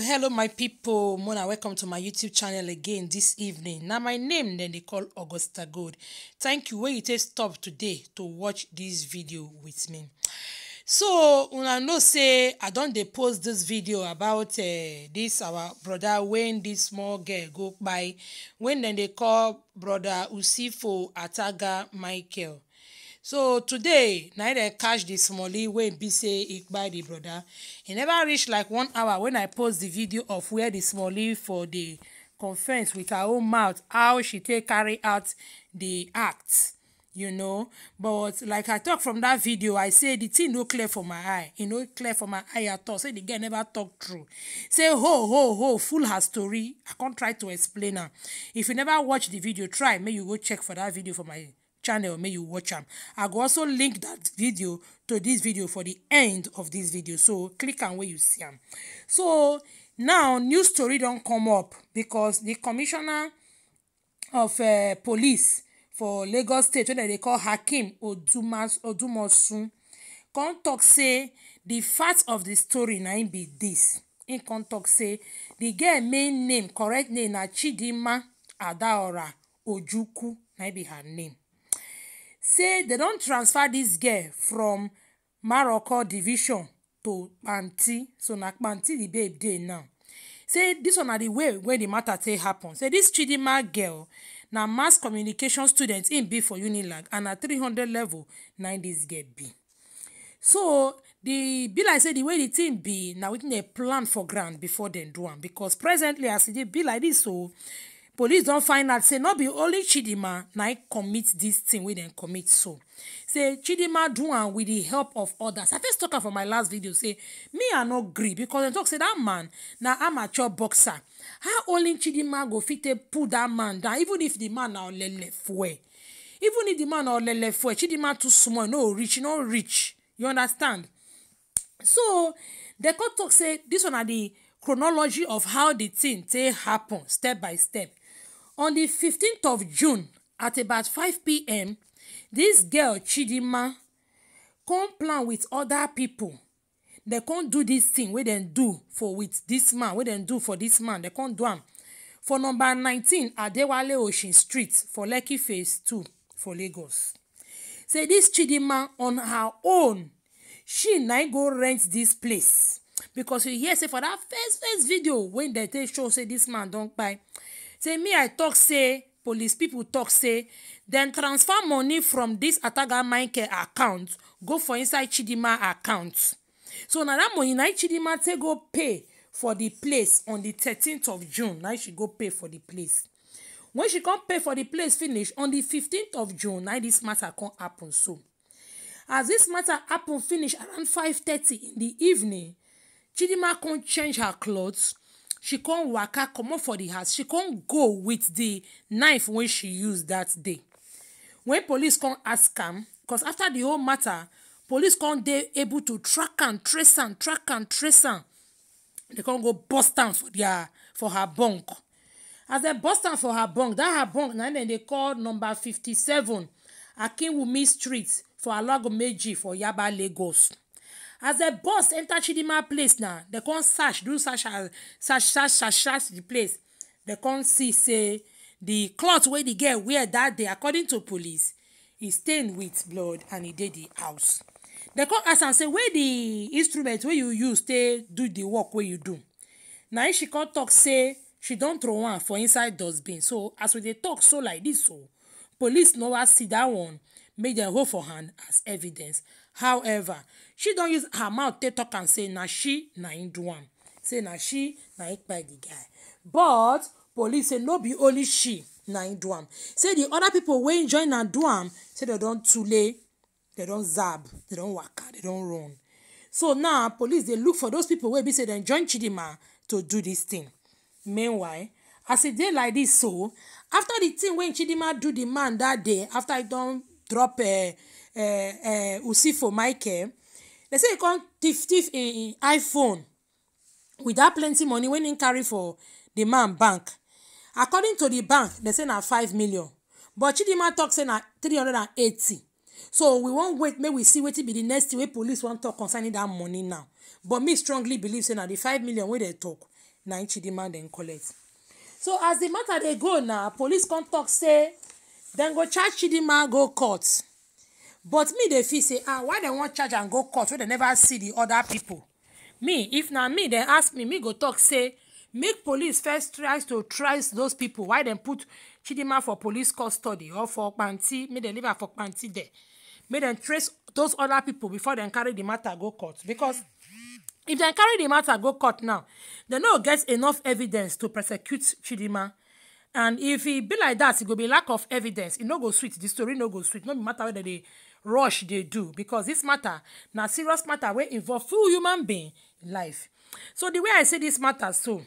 hello my people. mona welcome to my youtube channel again this evening Now, my name Then they call augusta gold thank you Where you take stop today to watch this video with me so una know say i don't. They post this video about eh, this. our brother when this small girl go by. When then they call brother usifo ataga michael so today na i dey catch the smally wey be say e kpai the brother e never reach like one hour when i post the video of where the smally for the conference with her own mouth how she take carry out the act you know but like i talk from that video i say the thing no clear for my eye e no clear for my eye at all say the girl never talk true say ho ho ho full her story i come try to explain am if you never watch the video try make you go check for that video for my channel make you watch am i go also link that video to this video for the end of this video so click am where you see am so now new story don come up because the commissioner of eh, police for lagos state wey dem dey call hakim odumosun come tok say di fact of di story na im be dis im come tok say di girl main name correct name na chidinma adaora ojukwu na im be her name say dem don transfer dis girl from maroko division to kpanti so na kpanti di babe dey now say dis one na di way wey di matter take happen say dis chidinma girl na mass communication student im be for unilag and na 300 level na im dis girl be so di be like say di way di thing be na wetin dey plan for ground before dem do am becos presently as e dey be like dis so police don find out say no be only chidinma na im commit this thing. wey dem commit so say chidinma do am with the help of others. i first tok am for my last video say me i no gree because dem talk say that man na amateur boxer how only chidinma go fit take pull that man down even if the man na olele fuel even if the man na olele fuel chidinma too small no reach no reach you understand so dem come talk say this one na the chronology of how the thing take happen step by step On the 15th of June at about 5 p.m., this girl Chidima come plan with other people. They can't do this thing wey dem do for with this man wey dem do for this man they can't do am for number 19 Adewale Ocean Street for Lucky phase 2 for Lagos. Say this Chidima, on her own she now go rent this place because you hear say for that first first video when they take show say this man don't buy say me i talk say police people talk say dem transfer money from dis ataga michael account go for inside chidima account so na dat money na chidima take go pay for di place on di thirteenth of june na she go pay for di place When she come pay for di place finish on di fifteenth of june na dis matter come happen so as dis matter happen finish around five thirty in di evening chidima come change her clothes she come waka comot for the house she come go with the knife wey she use that day When police come ask am 'Cause after the whole matter police come dey able to track am trace am track am trace am they come go burst am for dia for her bunk as they burst am for her bunk that her bunk na dem dey call number fifty-seven akinwumi street for alagomeji for yaba lagos as the boss enter chidinma place now, they come search do search search search search search the place They come see say the cloth wey the girl wear that day according to police e stain with blood and e dey the house They come ask am say where the instrument wey you use take do the work wey you do na im she come talk say she don throw one for inside dustbin so as we dey talk so like dis so police nova see that one make dem hold for hand as evidence however she don use her mouth take talk am say na she na im do am say na she na im kpai di guy but police say no be only she na im do am say di oda pipo wey join am do am say dem don tule dem don zab dem don waka dem don run so now police dey look for those pipo wey be say dem join Chidima to do dis thing meanwhile as e dey like dis so after di thing wey Chidima do di man dat day after e don drop uh, Uh uh, usi usifo michael They say e come thief thief im iphone without plenty money when im carry for the man bank according to the bank they say na five million but chidinma tok say na three hundred and eighty so we won't wait May we see wetin be the next way police wan talk concerning that money now but me strongly believe say na the five million wey they talk. na im chidinma dem collect so as the matter they go now police come talk. say then go charge chidinma go court but me dey feel say ah why dem wan charge am go court wey dem never see di oda pipo me if na me dem ask me me go tok say make police first try to trace those pipo why dem put chidinma for police custody or for kpanti make dem leave her for kpanti there make dem trace those oda pipo before dem carry di matter go court because if dem carry di matter go court now dem no get enough evidence to prosecute chidinma and if e be like dat e go be lack of evidence e no go sweet di story no go sweet no be matter wey dem dey rush dey do because this matter na serious matter wey involve full human being life so the way i see this matter so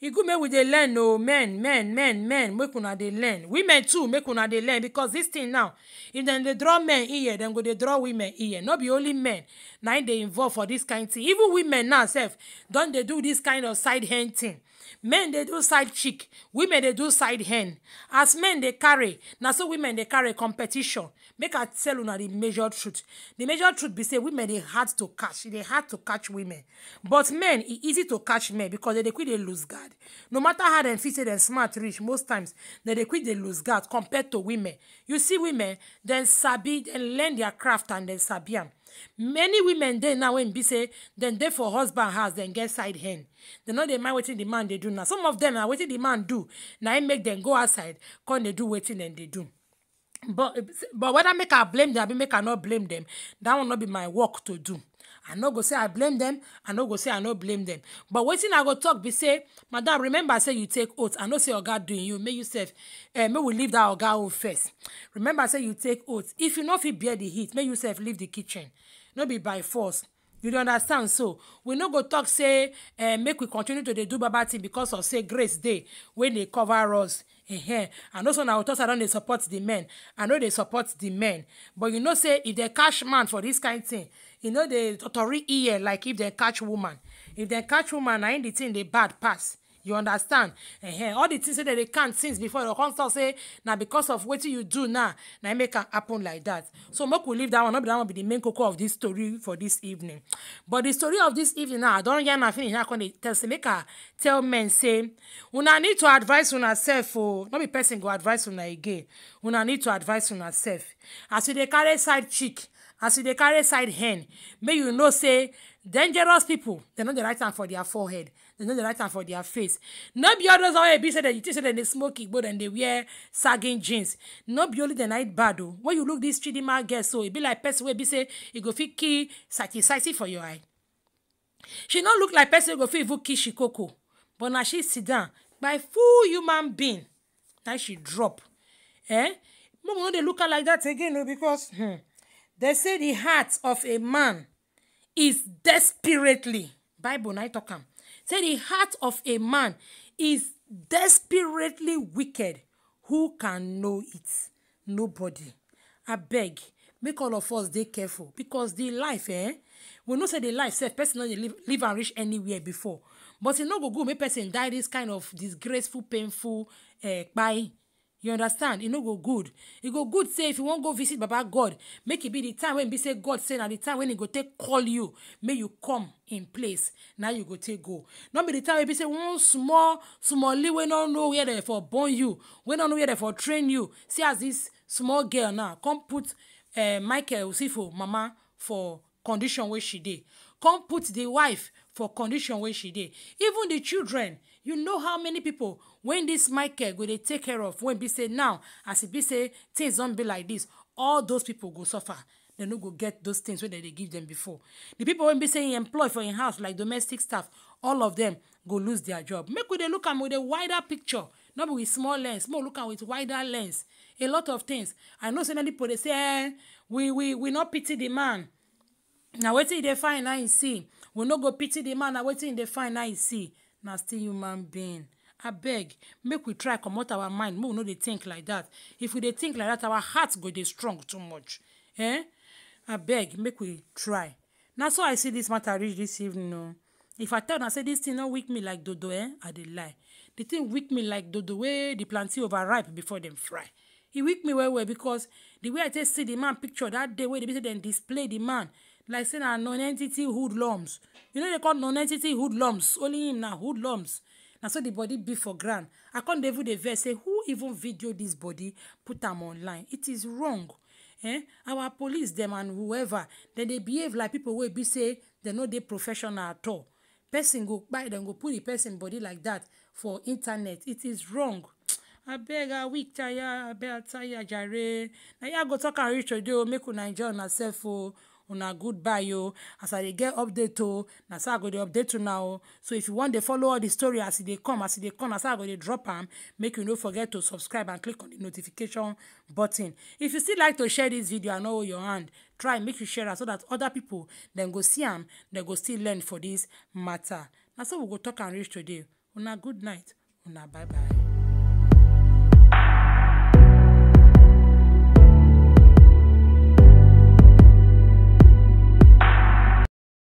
e good make we dey learn o oh, men men men men make una dey learn women too make una dey learn because this thing now if dem dey draw men ear dem go dey draw women ear no be only men na im dey involve for this kind thing even women now sef don dey do this kind of side hen thing men dey do side chick women dey do side hen as men dey carry na so women dey carry competition make i tell una the major truth The major truth be say women they hard to catch They hard to catch women but men it e easy to catch men because they dey quit they lose guard no matter how dem fit and smart rich most times they dey quit they lose guard compared to women you see women then sabi and learn their craft and then sabi am many women dey now when be say then dey for husband has then get side hand. They no they mind wetin the man they do now some of them are waiting the man do now im make them go outside come they do waiting and they do but but whether make i blame them abi make i not blame them, that will not be my work to do i no go say i blame them. i no go say i no blame them. but wetin i go talk be say madam remember say you take oath i know say your God doing you May you sef eh make we leave that oga own first remember say you take oath if you no fit bear the heat may you sef leave the kitchen no be by force you dey understand so we no go talk say eh make we continue to dey do baba thing because of say grace day when they cover us eh and also na otosa don dey support di men i no dey support di men but you know say if dem catch man for dis kain thing e no dey totori ear like if dem catch woman if dem catch woman na im di thing dey bad pass you understand uh-huh. all the things wey dem dey count since before dem come talk say na because of wetin you do now na make am happen like that so make we leave that one no be that one be the main koko of this story for this evening but the story of this evening now i don yarn am finish now i come dey tell say make i tell men say una need to advise una sef o oh. no be person go advise una again una need to advise una sef as you dey carry side chick as you dey carry side hen make you know say dangerous people dem no dey write am for their forehead there's no time for their face Not be all those how e be say you taste say dem dey smoke but then they wear sagging jeans Not be only the night battle. when you look this chidinma girl so It be like person where be say it go fit key sakisaki for your eye she not look like person go fit even kill shikoko but na she sit down by full human being now she drop eh momo no they look her like that again because hmm, dem say the heart of a man is desperately bible na talk am Say the heart of a man is desperately wicked. Who can know it? Nobody. I beg, make all of us dey careful because the life, eh? We know say the life sef person no live, live and reach anywhere before. But e no go go make person die this kind of disgraceful, painful eh? Uh, you understand e no go good e go good say if you wan go visit baba god make e be the time wey e be say god say na the time when e go take call you make you come in place na you go take go no be the time wey e be say one small small wey no know where dem for born you wey no know where dem for train you see as this small girl now come put uh, michael osifo mama for condition wey she dey come put the wife for condition wey she dey even the children you know how many people wey this michael go dey take care of when be say now as e be say things don be like this all those people go suffer They no go get those things wey they dey give them before the people wey be say e employ for im house like domestic staff all of them go lose their job make we dey look am with a wider picture no be with small lens make we look am with wider lens a lot of things i know say many people dey say eh we we we no pity the man na wetin you dey find na you see we no go pity the man na wetin you dey find na you see na still human being abeg make we try comot our mind make we no dey think like that. if we dey think like that, our heart go dey strong too much eh abeg make we try na so i see this matter reach this evening o oh. if i tell una say this thing no weak me like dodo eh i dey lie the thing weak me like dodo wey the plantain overripe before dem fry e weak me well well because the way i take see the man picture that day wey dey be say dem display the man like say na non-entity hoodlums you know they call non-entity hoodlums only him na hoodlums na so the body be for ground i come dey the verse. say who even video this body put am online it is wrong eh our police them and whoever then they behave like people wey be say they no dey professional at all person go buy them go put the person body like that for internet it is wrong abeg i weak tire abeg i tire jare na here i go talk am reach today o make una enjoy una sef o oh una goodbye yo. as i dey get update o oh, na so i go dey update una o oh. so if you wan dey follow all the story as e dey come as e dey come na so i go dey drop am make you no forget to subscribe and click on the notification button if you still like to share this video and hold your hand try make you share am so that other people dem go see am dem go still learn for this matter. na so we go talk am reach today una good night una bye bye.